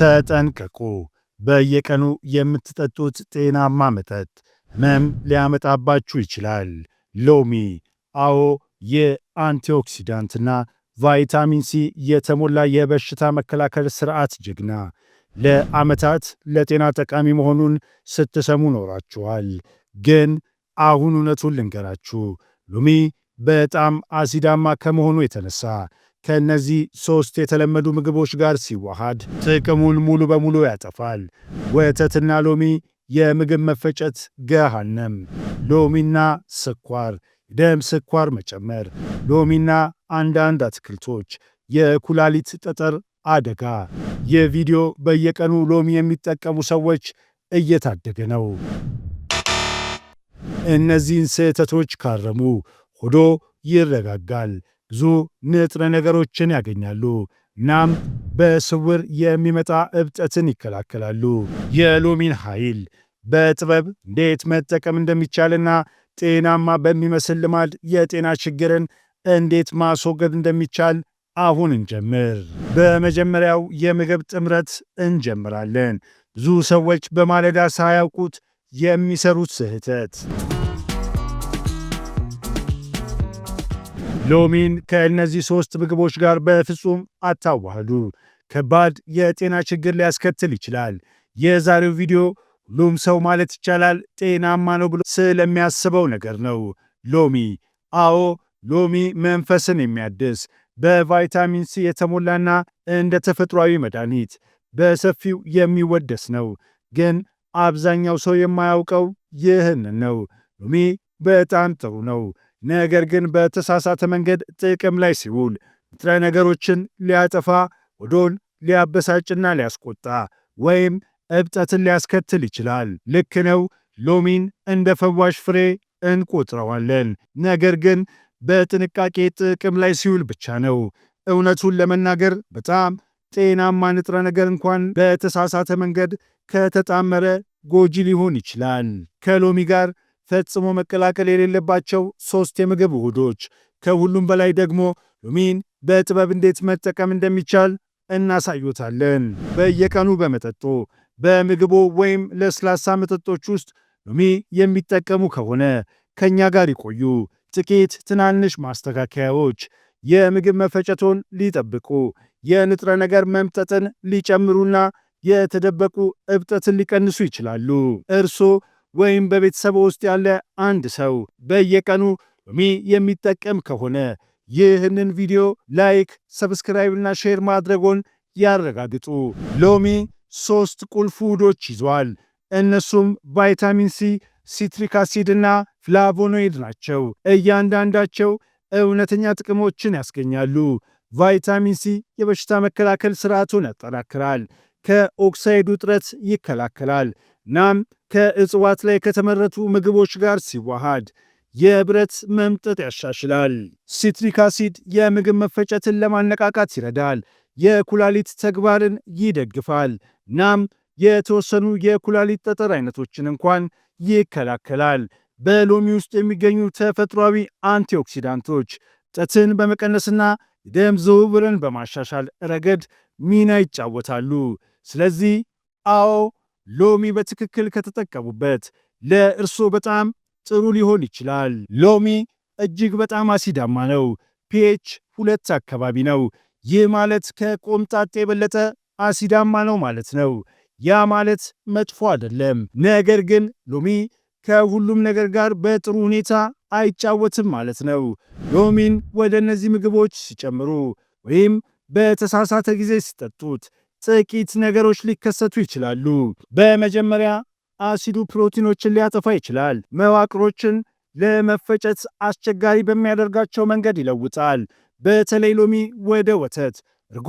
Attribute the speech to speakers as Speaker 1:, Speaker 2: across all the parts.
Speaker 1: ተጠንቀቁ። በየቀኑ የምትጠጡት ጤናማ መጠጥ ህመም ሊያመጣባችሁ ይችላል። ሎሚ፣ አዎ፣ የአንቲኦክሲዳንትና ቫይታሚን ሲ የተሞላ የበሽታ መከላከል ስርዓት ጀግና፣ ለዓመታት ለጤና ጠቃሚ መሆኑን ስትሰሙ ኖራችኋል። ግን አሁን እውነቱን ልንገራችሁ፣ ሎሚ በጣም አሲዳማ ከመሆኑ የተነሳ ከእነዚህ ሶስት የተለመዱ ምግቦች ጋር ሲዋሃድ ጥቅሙን ሙሉ በሙሉ ያጠፋል። ወተትና ሎሚ የምግብ መፈጨት ገሃነም፣ ሎሚና ስኳር፣ ደም ስኳር መጨመር፣ ሎሚና አንዳንድ አትክልቶች፣ የኩላሊት ጠጠር አደጋ። ይህ ቪዲዮ በየቀኑ ሎሚ የሚጠቀሙ ሰዎች እየታደገ ነው። እነዚህን ስህተቶች ካረሙ ሆዶ ይረጋጋል፣ ብዙ ንጥረ ነገሮችን ያገኛሉ። እናም በስውር የሚመጣ እብጠትን ይከላከላሉ። የሎሚን ኃይል በጥበብ እንዴት መጠቀም እንደሚቻልና ጤናማ በሚመስል ልማድ የጤና ችግርን እንዴት ማስወገድ እንደሚቻል አሁን እንጀምር። በመጀመሪያው የምግብ ጥምረት እንጀምራለን። ብዙ ሰዎች በማለዳ ሳያውቁት የሚሰሩት ስህተት ሎሚን ከእነዚህ ሶስት ምግቦች ጋር በፍጹም አታዋህዱ፣ ከባድ የጤና ችግር ሊያስከትል ይችላል። የዛሬው ቪዲዮ ሁሉም ሰው ማለት ይቻላል ጤናማ ነው ብሎ ስለሚያስበው ነገር ነው። ሎሚ። አዎ ሎሚ መንፈስን የሚያድስ በቫይታሚን ሲ የተሞላና እንደ ተፈጥሯዊ መድኃኒት በሰፊው የሚወደስ ነው። ግን አብዛኛው ሰው የማያውቀው ይህን ነው። ሎሚ በጣም ጥሩ ነው። ነገር ግን በተሳሳተ መንገድ ጥቅም ላይ ሲውል ንጥረ ነገሮችን ሊያጠፋ፣ ወዶን ሊያበሳጭና ሊያስቆጣ ወይም እብጠትን ሊያስከትል ይችላል። ልክ ነው። ሎሚን እንደ ፈዋሽ ፍሬ እንቆጥረዋለን፣ ነገር ግን በጥንቃቄ ጥቅም ላይ ሲውል ብቻ ነው። እውነቱን ለመናገር በጣም ጤናማ ንጥረ ነገር እንኳን በተሳሳተ መንገድ ከተጣመረ ጎጂ ሊሆን ይችላል። ከሎሚ ጋር ፈጽሞ መቀላቀል የሌለባቸው ሶስት የምግብ ውህዶች፣ ከሁሉም በላይ ደግሞ ሎሚን በጥበብ እንዴት መጠቀም እንደሚቻል እናሳዩታለን። በየቀኑ በመጠጦ በምግቦ ወይም ለስላሳ መጠጦች ውስጥ ሎሚ የሚጠቀሙ ከሆነ ከእኛ ጋር ይቆዩ። ጥቂት ትናንሽ ማስተካከያዎች የምግብ መፈጨቶን ሊጠብቁ፣ የንጥረ ነገር መምጠጥን ሊጨምሩና የተደበቁ እብጠትን ሊቀንሱ ይችላሉ። እርሶ ወይም በቤተሰብ ውስጥ ያለ አንድ ሰው በየቀኑ ሎሚ የሚጠቀም ከሆነ ይህንን ቪዲዮ ላይክ፣ ሰብስክራይብ እና ሼር ማድረጎን ያረጋግጡ። ሎሚ ሶስት ቁልፍ ውህዶች ይዟል። እነሱም ቫይታሚን ሲ፣ ሲትሪክ አሲድ እና ፍላቮኖይድ ናቸው። እያንዳንዳቸው እውነተኛ ጥቅሞችን ያስገኛሉ። ቫይታሚን ሲ የበሽታ መከላከል ስርዓቱን ያጠናክራል፣ ከኦክሳይድ ውጥረት ይከላከላል፣ እናም ከእጽዋት ላይ ከተመረቱ ምግቦች ጋር ሲዋሃድ የብረት መምጠጥ ያሻሽላል። ሲትሪክ አሲድ የምግብ መፈጨትን ለማነቃቃት ይረዳል፣ የኩላሊት ተግባርን ይደግፋል። እናም የተወሰኑ የኩላሊት ጠጠር አይነቶችን እንኳን ይከላከላል። በሎሚ ውስጥ የሚገኙ ተፈጥሯዊ አንቲኦክሲዳንቶች ጠትን በመቀነስና ደም ዝውውርን በማሻሻል ረገድ ሚና ይጫወታሉ። ስለዚህ አዎ ሎሚ በትክክል ከተጠቀሙበት ለእርሶ በጣም ጥሩ ሊሆን ይችላል። ሎሚ እጅግ በጣም አሲዳማ ነው። ፒኤች ሁለት አካባቢ ነው። ይህ ማለት ከቆምጣጤ የበለጠ አሲዳማ ነው ማለት ነው። ያ ማለት መጥፎ አይደለም፣ ነገር ግን ሎሚ ከሁሉም ነገር ጋር በጥሩ ሁኔታ አይጫወትም ማለት ነው። ሎሚን ወደ እነዚህ ምግቦች ሲጨምሩ ወይም በተሳሳተ ጊዜ ሲጠጡት ጥቂት ነገሮች ሊከሰቱ ይችላሉ። በመጀመሪያ አሲዱ ፕሮቲኖችን ሊያጠፋ ይችላል። መዋቅሮችን ለመፈጨት አስቸጋሪ በሚያደርጋቸው መንገድ ይለውጣል። በተለይ ሎሚ ወደ ወተት፣ እርጎ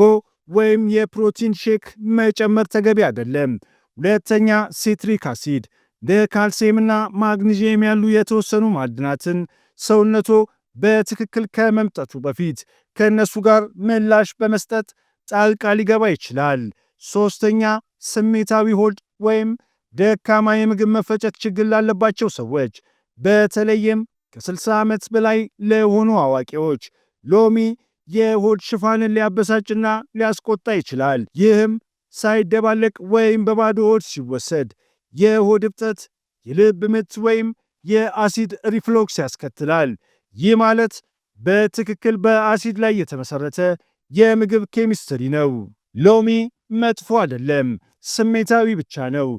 Speaker 1: ወይም የፕሮቲን ሼክ መጨመር ተገቢ አይደለም። ሁለተኛ፣ ሲትሪክ አሲድ እንደ ካልሲየምና ማግኒዚየም ያሉ የተወሰኑ ማዕድናትን ሰውነቶ በትክክል ከመምጠቱ በፊት ከእነሱ ጋር ምላሽ በመስጠት ጣልቃ ሊገባ ይችላል። ሶስተኛ ስሜታዊ ሆድ ወይም ደካማ የምግብ መፈጨት ችግር ላለባቸው ሰዎች በተለይም ከ60 ዓመት በላይ ለሆኑ አዋቂዎች ሎሚ የሆድ ሽፋንን ሊያበሳጭና ሊያስቆጣ ይችላል። ይህም ሳይደባለቅ ወይም በባዶ ሆድ ሲወሰድ የሆድ እብጠት፣ የልብ ምት ወይም የአሲድ ሪፍሎክስ ያስከትላል። ይህ ማለት በትክክል በአሲድ ላይ የተመሰረተ የምግብ ኬሚስትሪ ነው። ሎሚ መጥፎ አይደለም፣ ስሜታዊ ብቻ ነው።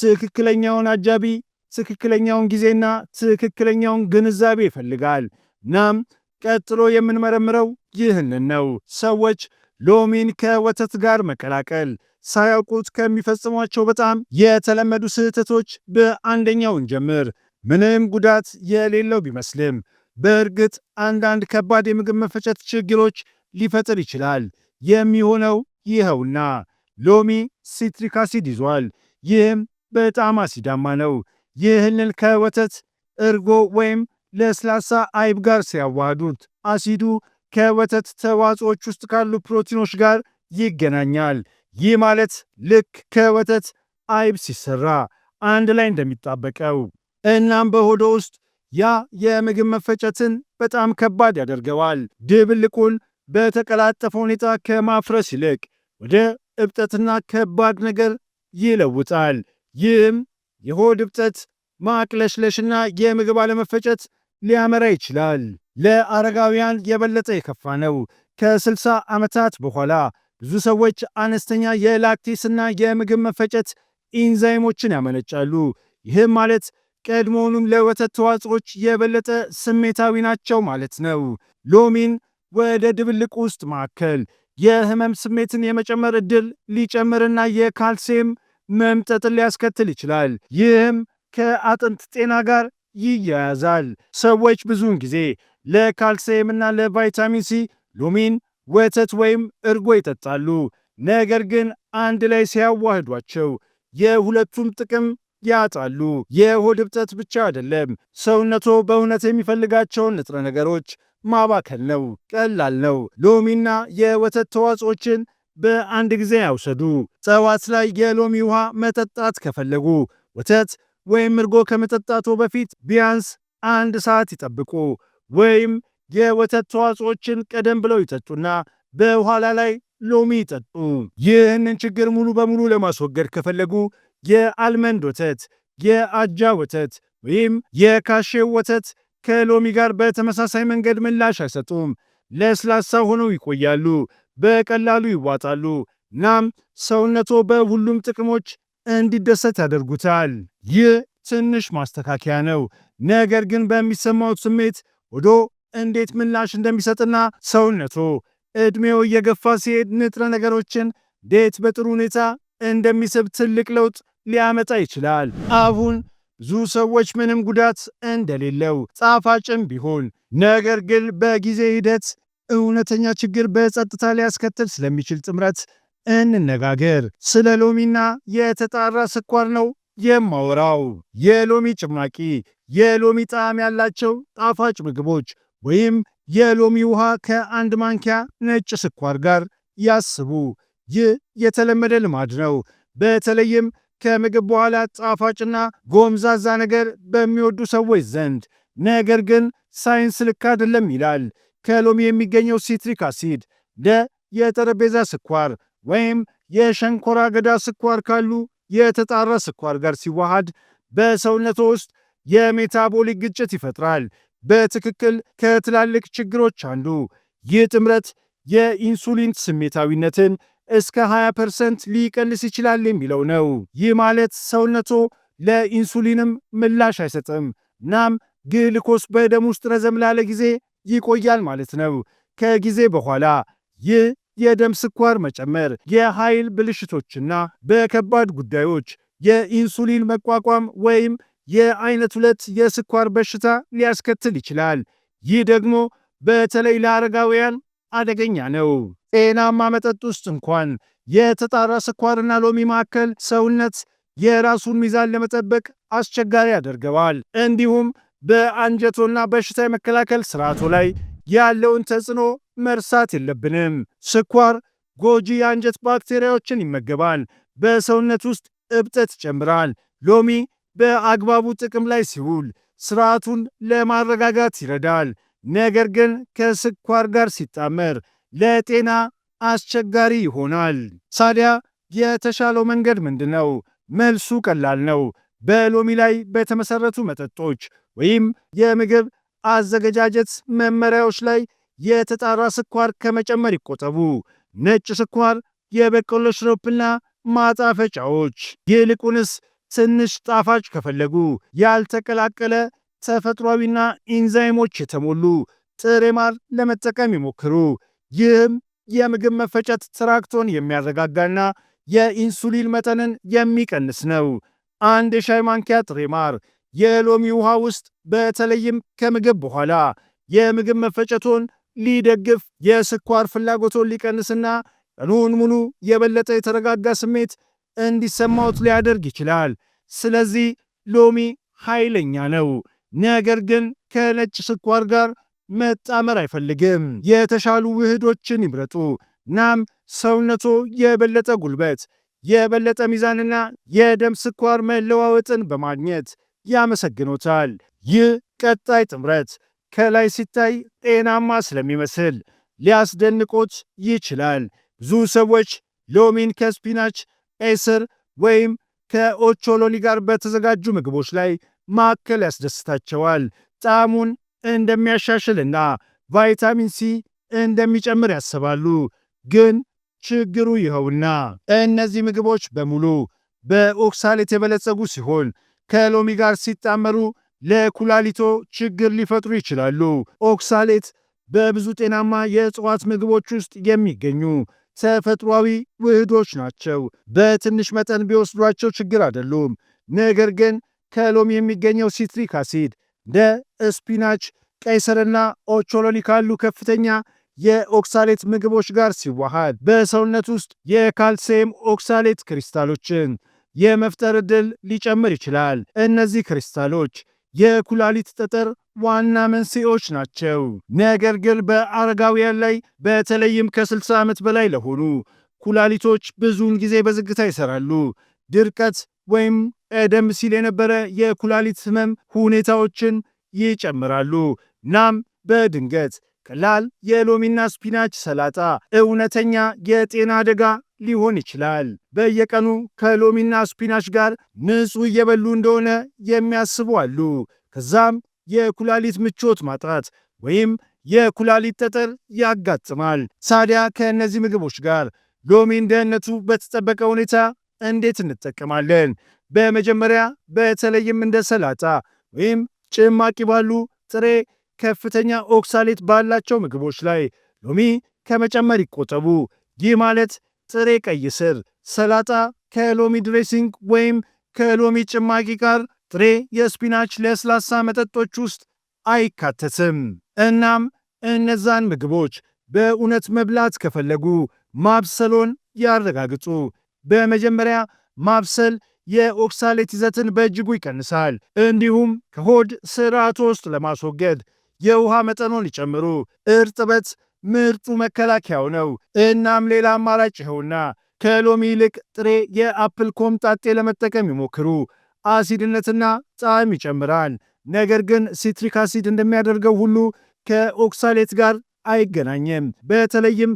Speaker 1: ትክክለኛውን አጃቢ፣ ትክክለኛውን ጊዜና ትክክለኛውን ግንዛቤ ይፈልጋል። እናም ቀጥሎ የምንመረምረው ይህንን ነው። ሰዎች ሎሚን ከወተት ጋር መቀላቀል ሳያውቁት ከሚፈጽሟቸው በጣም የተለመዱ ስህተቶች በአንደኛው እንጀምር። ምንም ጉዳት የሌለው ቢመስልም በእርግጥ አንዳንድ ከባድ የምግብ መፈጨት ችግሮች ሊፈጥር ይችላል። የሚሆነው ይኸውና ሎሚ ሲትሪክ አሲድ ይዟል፣ ይህም በጣም አሲዳማ ነው። ይህንን ከወተት እርጎ ወይም ለስላሳ አይብ ጋር ሲያዋህዱት አሲዱ ከወተት ተዋጽኦች ውስጥ ካሉ ፕሮቲኖች ጋር ይገናኛል። ይህ ማለት ልክ ከወተት አይብ ሲሰራ አንድ ላይ እንደሚጣበቀው እናም በሆዶ ውስጥ ያ የምግብ መፈጨትን በጣም ከባድ ያደርገዋል። ድብልቁን በተቀላጠፈ ሁኔታ ከማፍረስ ይልቅ ወደ እብጠትና ከባድ ነገር ይለውጣል። ይህም የሆድ እብጠት፣ ማቅለሽለሽና የምግብ አለመፈጨት ሊያመራ ይችላል። ለአረጋውያን የበለጠ የከፋ ነው። ከ60 ዓመታት በኋላ ብዙ ሰዎች አነስተኛ የላክቲስና የምግብ መፈጨት ኢንዛይሞችን ያመነጫሉ። ይህም ማለት ቀድሞውኑም ለወተት ተዋጽኦች የበለጠ ስሜታዊ ናቸው ማለት ነው። ሎሚን ወደ ድብልቅ ውስጥ ማከል የህመም ስሜትን የመጨመር እድል ሊጨምርና የካልሲየም መምጠጥን ሊያስከትል ይችላል። ይህም ከአጥንት ጤና ጋር ይያያዛል። ሰዎች ብዙውን ጊዜ ለካልሲየምና ለቫይታሚን ሲ ሎሚን፣ ወተት ወይም እርጎ ይጠጣሉ። ነገር ግን አንድ ላይ ሲያዋህዷቸው የሁለቱም ጥቅም ያጣሉ። የሆድ እብጠት ብቻ አይደለም፣ ሰውነቶ በእውነት የሚፈልጋቸውን ንጥረ ነገሮች ማባከል ነው። ቀላል ነው። ሎሚና የወተት ተዋጽኦችን በአንድ ጊዜ ያውሰዱ። ጠዋት ላይ የሎሚ ውሃ መጠጣት ከፈለጉ ወተት ወይም እርጎ ከመጠጣቱ በፊት ቢያንስ አንድ ሰዓት ይጠብቁ። ወይም የወተት ተዋጽኦችን ቀደም ብለው ይጠጡና በኋላ ላይ ሎሚ ይጠጡ። ይህንን ችግር ሙሉ በሙሉ ለማስወገድ ከፈለጉ የአልመንድ ወተት፣ የአጃ ወተት ወይም የካሼው ወተት ከሎሚ ጋር በተመሳሳይ መንገድ ምላሽ አይሰጡም። ለስላሳ ሆነው ይቆያሉ፣ በቀላሉ ይዋጣሉ። ናም ሰውነቶ በሁሉም ጥቅሞች እንዲደሰት ያደርጉታል። ይህ ትንሽ ማስተካከያ ነው፣ ነገር ግን በሚሰማውት ስሜት ወዶ እንዴት ምላሽ እንደሚሰጥና ሰውነቶ ዕድሜው እየገፋ ሲሄድ ንጥረ ነገሮችን እንዴት በጥሩ ሁኔታ እንደሚስብ ትልቅ ለውጥ ሊያመጣ ይችላል። አሁን ብዙ ሰዎች ምንም ጉዳት እንደሌለው ጣፋጭም ቢሆን ነገር ግን በጊዜ ሂደት እውነተኛ ችግር በጸጥታ ሊያስከትል ስለሚችል ጥምረት እንነጋገር። ስለ ሎሚና የተጣራ ስኳር ነው የማወራው። የሎሚ ጭማቂ፣ የሎሚ ጣዕም ያላቸው ጣፋጭ ምግቦች ወይም የሎሚ ውሃ ከአንድ ማንኪያ ነጭ ስኳር ጋር ያስቡ። ይህ የተለመደ ልማድ ነው፣ በተለይም ከምግብ በኋላ ጣፋጭና ጎምዛዛ ነገር በሚወዱ ሰዎች ዘንድ፣ ነገር ግን ሳይንስ ልክ አይደለም ይላል። ከሎሚ የሚገኘው ሲትሪክ አሲድ ደ የጠረጴዛ ስኳር ወይም የሸንኮራ አገዳ ስኳር ካሉ የተጣራ ስኳር ጋር ሲዋሃድ በሰውነቶ ውስጥ የሜታቦሊክ ግጭት ይፈጥራል። በትክክል ከትላልቅ ችግሮች አንዱ። ይህ ጥምረት የኢንሱሊን ስሜታዊነትን እስከ 20% ሊቀንስ ይችላል የሚለው ነው። ይህ ማለት ሰውነቶ ለኢንሱሊንም ምላሽ አይሰጥም፣ እናም ግልኮስ በደም ውስጥ ረዘም ላለ ጊዜ ይቆያል ማለት ነው። ከጊዜ በኋላ ይህ የደም ስኳር መጨመር፣ የኃይል ብልሽቶችና በከባድ ጉዳዮች የኢንሱሊን መቋቋም ወይም የአይነት ሁለት የስኳር በሽታ ሊያስከትል ይችላል። ይህ ደግሞ በተለይ ለአረጋውያን አደገኛ ነው። ጤናማ መጠጥ ውስጥ እንኳን የተጣራ ስኳርና ሎሚ መካከል ሰውነት የራሱን ሚዛን ለመጠበቅ አስቸጋሪ ያደርገዋል። እንዲሁም በአንጀቶና በሽታ የመከላከል ስርዓቱ ላይ ያለውን ተጽዕኖ መርሳት የለብንም። ስኳር ጎጂ የአንጀት ባክቴሪያዎችን ይመገባል፣ በሰውነት ውስጥ እብጠት ይጨምራል። ሎሚ በአግባቡ ጥቅም ላይ ሲውል ስርዓቱን ለማረጋጋት ይረዳል። ነገር ግን ከስኳር ጋር ሲጣመር ለጤና አስቸጋሪ ይሆናል። ታዲያ የተሻለው መንገድ ምንድን ነው? መልሱ ቀላል ነው። በሎሚ ላይ በተመሰረቱ መጠጦች ወይም የምግብ አዘገጃጀት መመሪያዎች ላይ የተጣራ ስኳር ከመጨመር ይቆጠቡ። ነጭ ስኳር፣ የበቆሎ ሽሮፕና ማጣፈጫዎች፣ ይልቁንስ ትንሽ ጣፋጭ ከፈለጉ ያልተቀላቀለ ተፈጥሯዊና ኢንዛይሞች የተሞሉ ጥሬ ማር ለመጠቀም ይሞክሩ። ይህም የምግብ መፈጨት ትራክቶን የሚያረጋጋና የኢንሱሊን መጠንን የሚቀንስ ነው። አንድ የሻይ ማንኪያ ጥሬ ማር የሎሚ ውሃ ውስጥ በተለይም ከምግብ በኋላ የምግብ መፈጨቶን ሊደግፍ፣ የስኳር ፍላጎቶን ሊቀንስና ቀኑን ሙሉ የበለጠ የተረጋጋ ስሜት እንዲሰማዎት ሊያደርግ ይችላል። ስለዚህ ሎሚ ኃይለኛ ነው። ነገር ግን ከነጭ ስኳር ጋር መጣመር አይፈልግም። የተሻሉ ውህዶችን ይምረጡ። ናም ሰውነቶ የበለጠ ጉልበት፣ የበለጠ ሚዛንና የደም ስኳር መለዋወጥን በማግኘት ያመሰግኖታል። ይህ ቀጣይ ጥምረት ከላይ ሲታይ ጤናማ ስለሚመስል ሊያስደንቆት ይችላል። ብዙ ሰዎች ሎሚን ከስፒናች፣ ቀይ ወይም ከኦቾሎኒ ጋር በተዘጋጁ ምግቦች ላይ ማከል ያስደስታቸዋል። ጣዕሙን እንደሚያሻሽልና ቫይታሚን ሲ እንደሚጨምር ያስባሉ። ግን ችግሩ ይኸውና እነዚህ ምግቦች በሙሉ በኦክሳሌት የበለጸጉ ሲሆን ከሎሚ ጋር ሲጣመሩ ለኩላሊቶ ችግር ሊፈጥሩ ይችላሉ። ኦክሳሌት በብዙ ጤናማ የእጽዋት ምግቦች ውስጥ የሚገኙ ተፈጥሯዊ ውህዶች ናቸው። በትንሽ መጠን ቢወስዷቸው ችግር አይደሉም። ነገር ግን ከሎሚ የሚገኘው ሲትሪክ አሲድ፣ እንደ ስፒናች፣ ቀይ ስርና ኦቾሎኒ ካሉ ከፍተኛ የኦክሳሌት ምግቦች ጋር ሲዋሃድ በሰውነት ውስጥ የካልሲየም ኦክሳሌት ክሪስታሎችን የመፍጠር ዕድል ሊጨምር ይችላል። እነዚህ ክሪስታሎች የኩላሊት ጠጠር ዋና መንስኤዎች ናቸው። ነገር ግን በአረጋውያን ላይ በተለይም ከ60 ዓመት በላይ ለሆኑ ኩላሊቶች ብዙውን ጊዜ በዝግታ ይሰራሉ። ድርቀት ወይም ቀደም ሲል የነበረ የኩላሊት ህመም ሁኔታዎችን ይጨምራሉ። ናም በድንገት ቀላል የሎሚና ስፒናች ሰላጣ እውነተኛ የጤና አደጋ ሊሆን ይችላል። በየቀኑ ከሎሚና ስፒናች ጋር ንጹህ እየበሉ እንደሆነ የሚያስቡ አሉ። ከዛም የኩላሊት ምቾት ማጣት ወይም የኩላሊት ጠጠር ያጋጥማል። ታዲያ ከእነዚህ ምግቦች ጋር ሎሚን ደህንነቱ በተጠበቀ ሁኔታ እንዴት እንጠቀማለን? በመጀመሪያ በተለይም እንደ ሰላጣ ወይም ጭማቂ ባሉ ጥሬ ከፍተኛ ኦክሳሌት ባላቸው ምግቦች ላይ ሎሚ ከመጨመር ይቆጠቡ። ይህ ማለት ጥሬ ቀይ ስር፣ ሰላጣ ከሎሚ ድሬሲንግ ወይም ከሎሚ ጭማቂ ጋር ጥሬ የስፒናች ለስላሳ መጠጦች ውስጥ አይካተትም። እናም እነዛን ምግቦች በእውነት መብላት ከፈለጉ ማብሰሎን ያረጋግጡ። በመጀመሪያ ማብሰል የኦክሳሌት ይዘትን በእጅጉ ይቀንሳል። እንዲሁም ከሆድ ስርዓት ውስጥ ለማስወገድ የውሃ መጠኖን ይጨምሩ። እርጥበት ምርጡ መከላከያው ነው። እናም ሌላ አማራጭ ይኸውና ከሎሚ ይልቅ ጥሬ የአፕል ኮምጣጤ ለመጠቀም ይሞክሩ። አሲድነትና ጣዕም ይጨምራል፣ ነገር ግን ሲትሪክ አሲድ እንደሚያደርገው ሁሉ ከኦክሳሌት ጋር አይገናኝም። በተለይም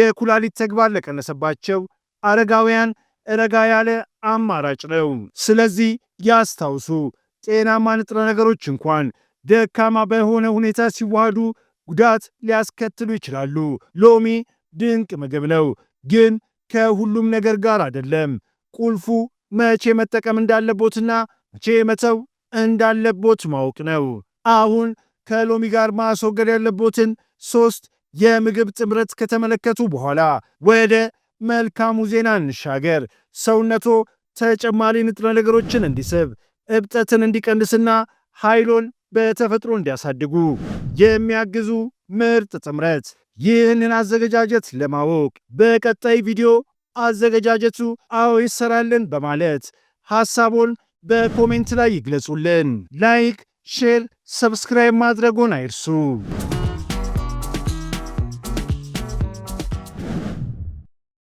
Speaker 1: የኩላሊት ተግባር ለቀነሰባቸው አረጋውያን ረጋ ያለ አማራጭ ነው። ስለዚህ ያስታውሱ፣ ጤናማ ንጥረ ነገሮች እንኳን ደካማ በሆነ ሁኔታ ሲዋሃዱ ጉዳት ሊያስከትሉ ይችላሉ። ሎሚ ድንቅ ምግብ ነው፣ ግን ከሁሉም ነገር ጋር አይደለም። ቁልፉ መቼ መጠቀም እንዳለቦትና መቼ መተው እንዳለቦት ማወቅ ነው። አሁን ከሎሚ ጋር ማስወገድ ያለቦትን ሶስት የምግብ ጥምረት ከተመለከቱ በኋላ ወደ መልካሙ ዜና እንሻገር። ሰውነቶ ተጨማሪ ንጥረ ነገሮችን እንዲስብ፣ እብጠትን እንዲቀንስና ኃይሎን በተፈጥሮ እንዲያሳድጉ የሚያግዙ ምርጥ ጥምረት። ይህንን አዘገጃጀት ለማወቅ በቀጣይ ቪዲዮ አዘገጃጀቱ አዎ ይሰራልን በማለት ሐሳቦን በኮሜንት ላይ ይግለጹልን። ላይክ፣ ሼር፣ ሰብስክራይብ ማድረጎን አይርሱ።